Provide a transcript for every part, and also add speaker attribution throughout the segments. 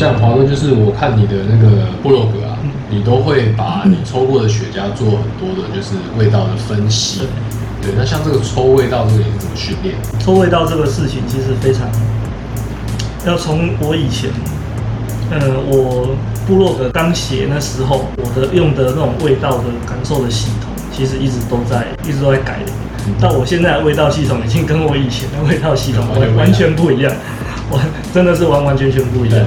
Speaker 1: 像滑哥，就是我看你的那個部落格啊，嗯、你都會把你抽過的雪茄做很多的，就是味道的分析。嗯、對，那像這個抽味道這個也是怎
Speaker 2: 麼訓練？抽味道這個事情其實非常，要從我以前，呃，我部落格剛寫那時候，我的用的那種味道的感受的系統，其實一直都在，一直都在改的。嗯、到我現在的味道系統已經跟我以前的味道系統完完全不一樣，完真的是完完全全不一樣。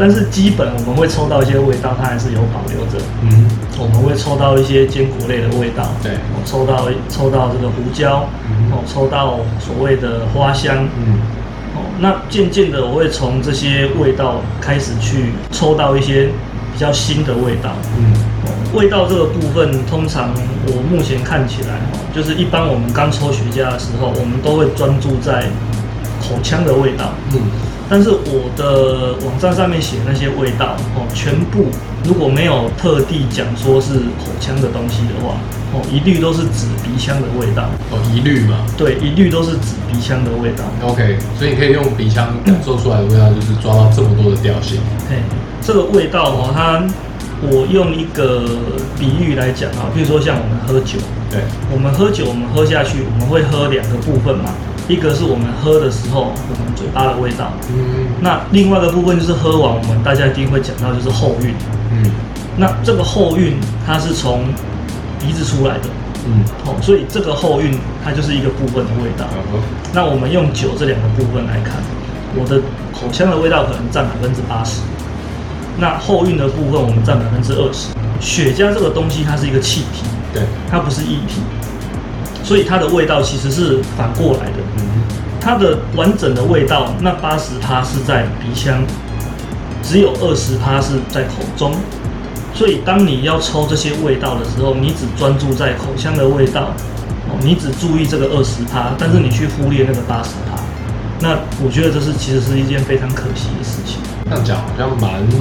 Speaker 2: 但是基本我們會抽到一些味道，它還是有保留着。嗯，我們會抽到一些堅果類的味道。對，抽到抽到這個胡椒，抽到所謂的花香。嗯，那漸漸的我會從這些味道開始去抽到一些比較新的味道。嗯，味道這個部分，通常我目前看起來，就是一般我們剛抽雪茄的時候，我們都會專注在口腔的味道。嗯。但是我的網站上面寫那些味道哦，全部如果沒有特地講說是口腔的東西的話，哦，一律都是指鼻腔的味道哦，一律嘛，對，一律
Speaker 1: 都是指鼻腔的味道。OK，所以你可以用鼻腔感受出來的味道，就是抓到這麼多的
Speaker 2: 調性。嘿， okay, 這個味道哦，它我用一個比喻來講啊，比如說像我們喝酒，對，我們喝酒，我們喝下去，我們會喝兩個部分嘛。一個是我們喝的時候，我們嘴巴的味道。嗯、那另外一個部分就是喝完，我們大家一定會講到，就是後韻、嗯、那這個後韻它是從鼻子出來的。嗯，好、哦，所以這個後韻它就是一個部分的味道。嗯、那我們用酒這兩個部分來看，我的口腔的味道可能占百分之八十，那後韻的部分我們占百分之二十。雪茄這個東西它是一個氣體，對，它不是液體。所以它的味道其實是反過來的，嗯，它的完整的味道那80，那八十趴是在鼻腔，只有二十趴是在口中，所以當你要抽這些味道的時候，你只專注在口腔的味道，哦，你只注意這個二十趴，但是你去忽略那個八十趴，那我覺得這是其實是一件非常可惜的事情。這樣講好像蠻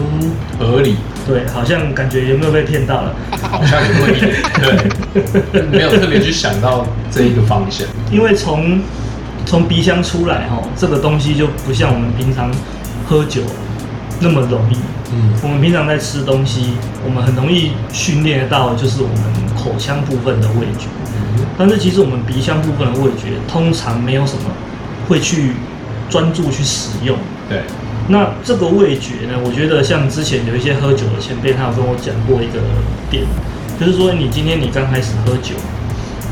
Speaker 2: 合理的。對，好像感覺有沒有被騙到了？ 好像
Speaker 1: 有問題。對，沒有特別去想到這一個方向、嗯。
Speaker 2: 因為從從鼻腔出來哈、哦，這個東西就不像我們平常喝酒那麼容易。嗯。我們平常在吃東西，我們很容易訓練到的就是我們口腔部分的味覺。嗯、但是其實我們鼻腔部分的味覺，通常沒有什麼會去專注去使用。對。那這個味覺呢？我覺得像之前有一些喝酒的前輩，他有跟我講過一個點，就是說你今天你剛開始喝酒，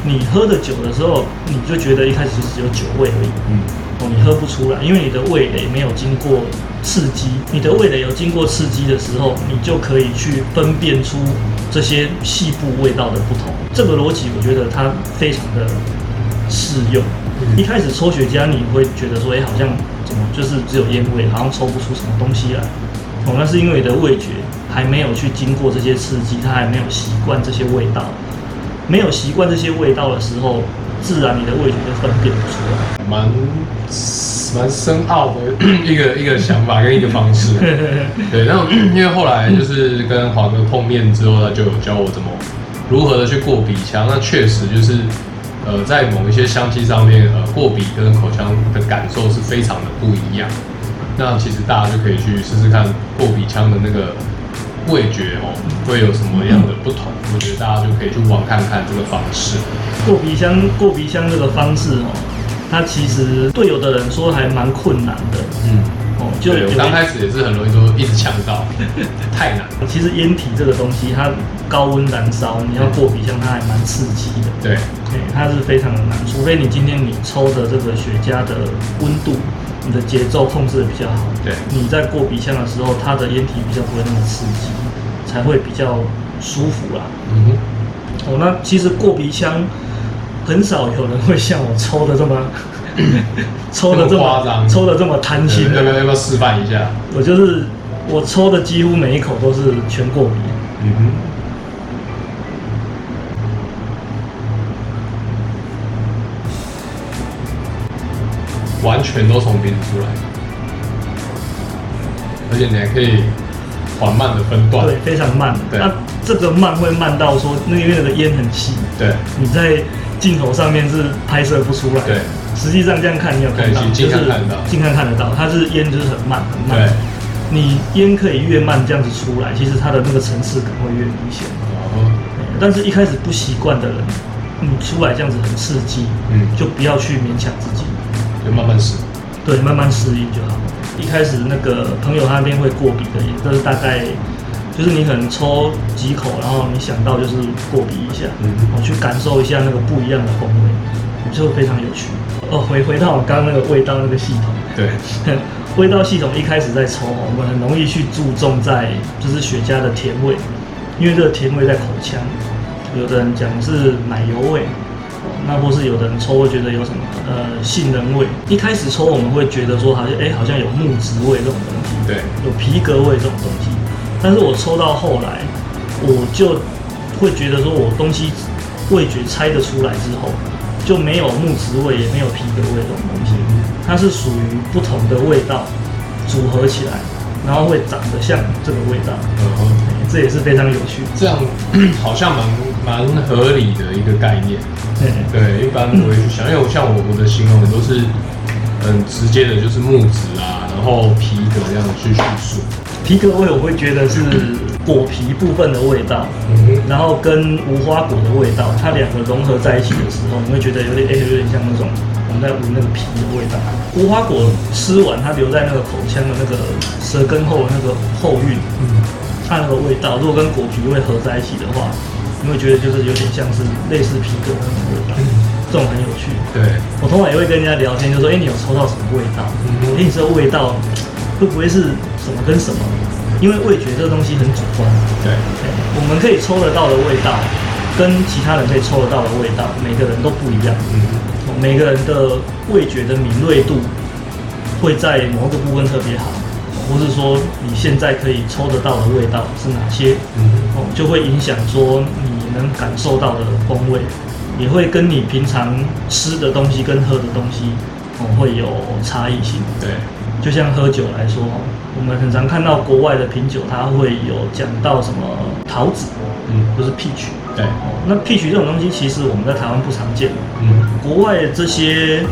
Speaker 2: 你喝的酒的時候，你就覺得一開始就只有酒味而已，嗯，哦，你喝不出來，因為你的味蕾沒有經過刺激，你的味蕾有經過刺激的時候，你就可以去分辨出這些細部味道的不同。這個邏輯我覺得它非常的適用。一開始抽雪茄你會覺得說，誒，好像。嗯、就是只有煙味，好像抽不出什麼東西來。同樣是因為你的味覺還沒有去經過這些刺激，它還沒有習慣這些味道。沒有習慣這些味道的時候，自然你的味覺就分辨不出來。蠻蠻深奧的一個， 一、個一個想法跟一個方式。 對，然後
Speaker 1: 因為後來就是跟滑哥碰面之後，他就有教我怎麼如何的去過鼻腔。那確實就是。呃，在某一些香氣上面，呃，過鼻跟口腔的感受是非常的不一樣。那其實大家就可以去試試看過鼻腔的那個味覺哦，嗯、會有什麼樣的不同？我覺得大家就可以去玩看看這個方式。
Speaker 2: 過鼻腔，過鼻腔這個方式哦，嗯、它其實對有的人說還蠻困難的。嗯，哦，就剛開始也是很容易說一直嗆到， 對太難。其實煙體這個東西它。高溫燃燒，你要過鼻腔，它還蠻刺激的。對，對，它是非常的難，除非你今天你抽的這個雪茄的溫度，你的節奏控制的比較好。對，你在過鼻腔的時候，它的煙體比較不會那麼刺激，才會比較舒服啦。
Speaker 1: 嗯
Speaker 2: 哼，我、哦、其實過鼻腔很少有人會像我抽的這麼，
Speaker 1: 抽的這麼誇張，抽
Speaker 2: 的這麼貪心，嗯。要不要示範一下？我就是我抽的幾乎每一口都是全過鼻。嗯
Speaker 1: 完全都從鼻子出來，而且
Speaker 2: 你還可以緩慢的分段，對，非常慢。那對、啊、這個慢會慢到說那個煙很細，對，你在鏡頭上面是拍攝不出來，對，實際上這樣看你有看到，對，近看看到就是近看，看得到，它是煙就是很慢很慢。對，你煙可以越慢這樣子出來，其實它的那個層次感會越明顯、哦對。但是一開始不習慣的人，你出來這樣子很刺激，嗯，就不要去勉強自己。慢慢試，對，慢慢適應就好。一開始那個朋友他那邊會過鼻的，也就是大概，就是你可能抽幾口，然後你想到就是過鼻一下，我、嗯、去感受一下那個不一樣的風味，就非常有趣。哦，回回到我剛剛那個味道那個系統，對，味道系統一開始在抽我們很容易去注重在就是雪茄的甜味，因為這個甜味在口腔，有的人講是奶油味。那不是有的人抽會覺得有什麼呃杏仁味，一開始抽我們會覺得說，好像誒好像有木質味這種東西，對，有皮革味這種東西。但是我抽到後來，我就會覺得說，我東西味覺猜得出來之後，就沒有木質味也沒有皮革味這種東西，它是屬於不同的味道組合起來，然後會長得像這個味道。嗯，這也是非常有趣，這樣好像蠻
Speaker 1: 蠻合理的一個概念。對，嗯、一般都會不會去想，因為我像我們的形容，很多是很直接的，就是木質啊，然後皮革這樣去敘述。
Speaker 2: 皮革味我會覺得是果皮部分的味道，嗯、然後跟無花果的味道，它兩個融合在一起的時候，你會覺得有點誒有點像那種我們在聞那個皮的味道。無花果吃完它留在那個口腔的那個舌根後那個後韻，嗯、它那個味道，如果跟果皮會合在一起的話，你會覺得就是有點像是類似皮革的那種味道，這種很有趣。對，我通常也會跟人家聊天，就是、說，哎，你有抽到什麼味道？我聽、嗯、哼你說味道，會不會是什麼跟什麼？因為味覺這個東西很主觀。對、嗯，我們可以抽得到的味道，跟其他人可以抽得到的味道，每個人都不一樣。嗯哼，每個人的味覺的敏銳度會在某個部分特別好，不是說你現在可以抽得到的味道是哪些？嗯哼，哦，就會影響說。能感受到的風味，也會跟你平常吃的東西跟喝的東西哦，會有差異性。對，就像喝酒來說，我們很常看到國外的品酒，它會有講到什麼桃子，嗯，就是 peach。對，哦，那 peach 這種東西，其實我們在台灣不常見。嗯，國外這些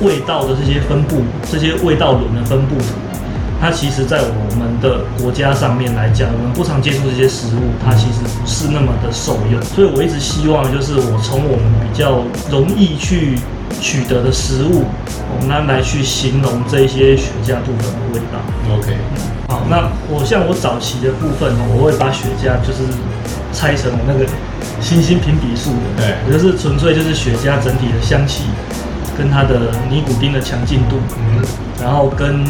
Speaker 2: 味道的這些分布，這些味道輪的分布的它其實，在我們的國家上面來講，我們不常接觸這些食物，它其實不是那麼的受用。所以我一直希望，就是我從我們比較容易去取得的食物，我們來來去形容這一些雪茄部分的味道。OK，嗯，好，那我像我早期的部分，我會把雪茄就是拆成我那個星星評比數的，對，Okay. 就是純粹就是雪茄整體的香氣跟它的尼古丁的強勁度，Okay. 嗯，然後跟。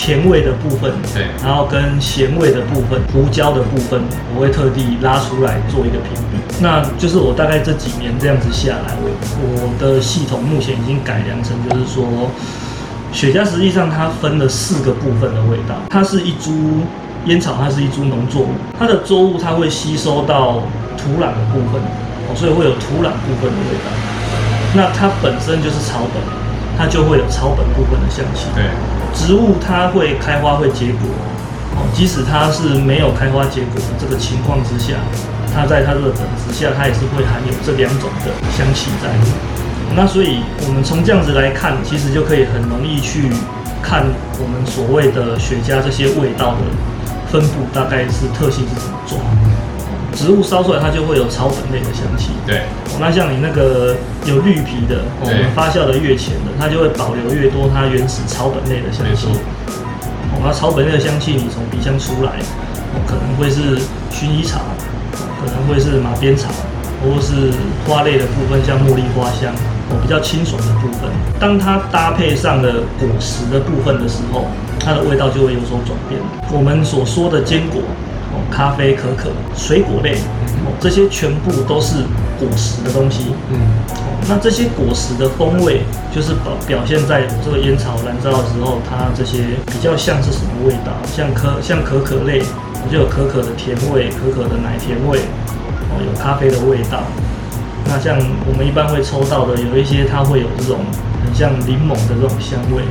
Speaker 2: 甜味的部分，對，然後跟鹹味的部分、胡椒的部分，我會特地拉出來做一個評比。那就是我大概這幾年這樣子下來，我，我的系統目前已經改良成，就是說，雪茄實際上它分了四個部分的味道。它是一株煙草，它是一株農作物，它的作物它會吸收到土壤的部分，哦，所以會有土壤部分的味道。那它本身就是草本，它就會有草本部分的香氣。對。植物它會開花，會結果，哦，即使它是沒有開花結果的這個情況之下，它在它的本質下，它也是會含有這兩種的香氣在。那所以，我們從這樣子來看，其實就可以很容易去看我們所謂的雪茄這些味道的分布大概是特性是怎麼做。植物燒出來，它就會有草本類的香氣。對，那像你那個有綠皮的，我、哦、們對發酵的越淺的，它就會保留越多它原始草本類的香氣。沒錯、哦，草本類的香氣你從鼻腔出來、哦，可能會是薰衣草，可能會是馬鞭草，或是花類的部分，像茉莉花香、哦，比較清爽的部分。當它搭配上了果實的部分的時候，它的味道就會有所轉變。我們所說的堅果。咖啡、可可、水果類、哦，這些全部都是果實的東西。嗯、哦,那這些果實的風味，就是表表現在我這個菸草燃燒的時候，它這些比較像是什麼味道？像可像可可類、哦，就有可可的甜味，可可的奶甜味、哦，有咖啡的味道。那像我們一般會抽到的，有一些它會有這種很像檸檬的這種香味，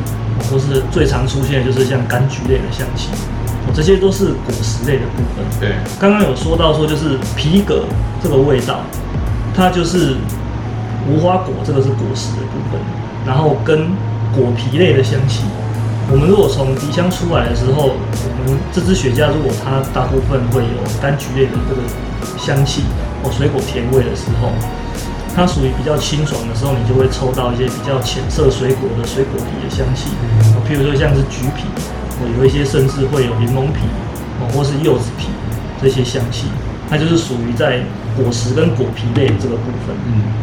Speaker 2: 都是最常出現的就是像柑橘類的香氣。這些都是果實類的部分。對，剛剛有說到說就是皮革這個味道，它就是無花果這個是果實的部分，然後跟果皮類的香氣。我們如果從底香出來的時候，我們這支雪茄如果它大部分會有柑橘類的這個香氣或水果甜味的時候，它屬於比較清爽的時候，你就會抽到一些比較淺色水果的水果皮的香氣，譬如說像是橘皮。哦，有一些甚至會有檸檬皮，哦，或是柚子皮這些香氣，它就是屬於在果實跟果皮類的這個部分。嗯。